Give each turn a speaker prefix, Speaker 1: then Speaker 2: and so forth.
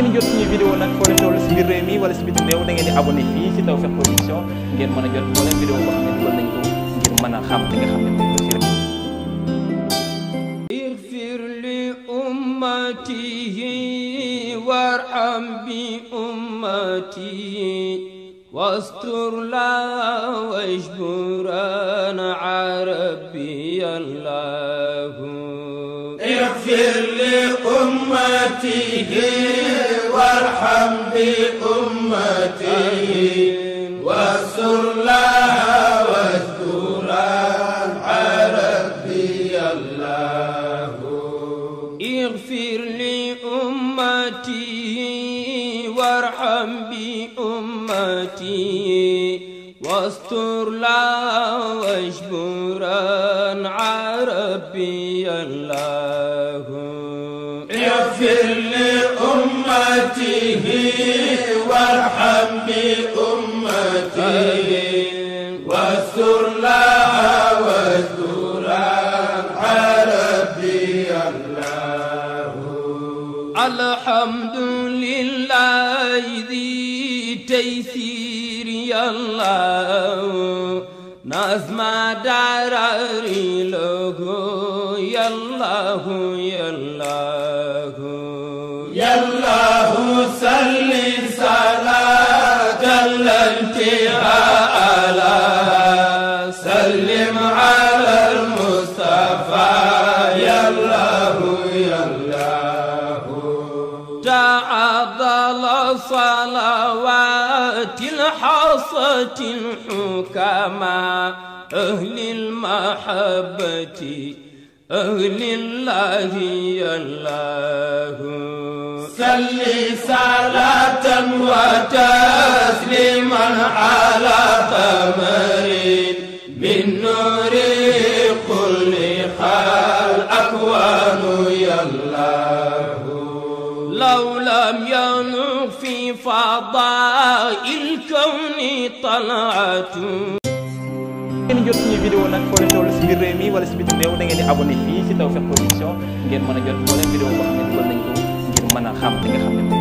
Speaker 1: ngeen jot suñu vidéo nag foo leen toll si biir réew mi wala si biti réew da ngeen di abonné fii si Tawfekh Production ngeen mën a jot moo leen vidéo boo xam ne dugal nañ ko ngir mën a xam li nga xam ne moom la rek. اغفر لأمته وارحم بأمته واستر لها واجبران عربي الله اغفر لأمته وارحم بأمته واستر لها واسترا ربي الله اغفر لأمتي وارحم بأمتي واستر لها واجبرها اغفر لأمته وارحم بأمته واستر لها واستر ربي الله الحمد لله ذي تيسير يا الله نظم داراري لغو yàllaahu yàllaahu yàllaahu salli salaatan laa intihaa alaa sallim alal mustafaa yàllaahu yàllaahu ta'addala salawaatil hasatil hukamaa ahlil mahabbati لله الله صل صلاة وتسليما على قمر من نور كل الأكوان يا الله لو لم ينق في فضاء الكون طلعة biir réew mi wala si bitim réew da ngeen di abonné fii si Tawfekh Production ngeen mën a jot moo leen vidéo boo xam ne dugal nañ a xam li nga xam ne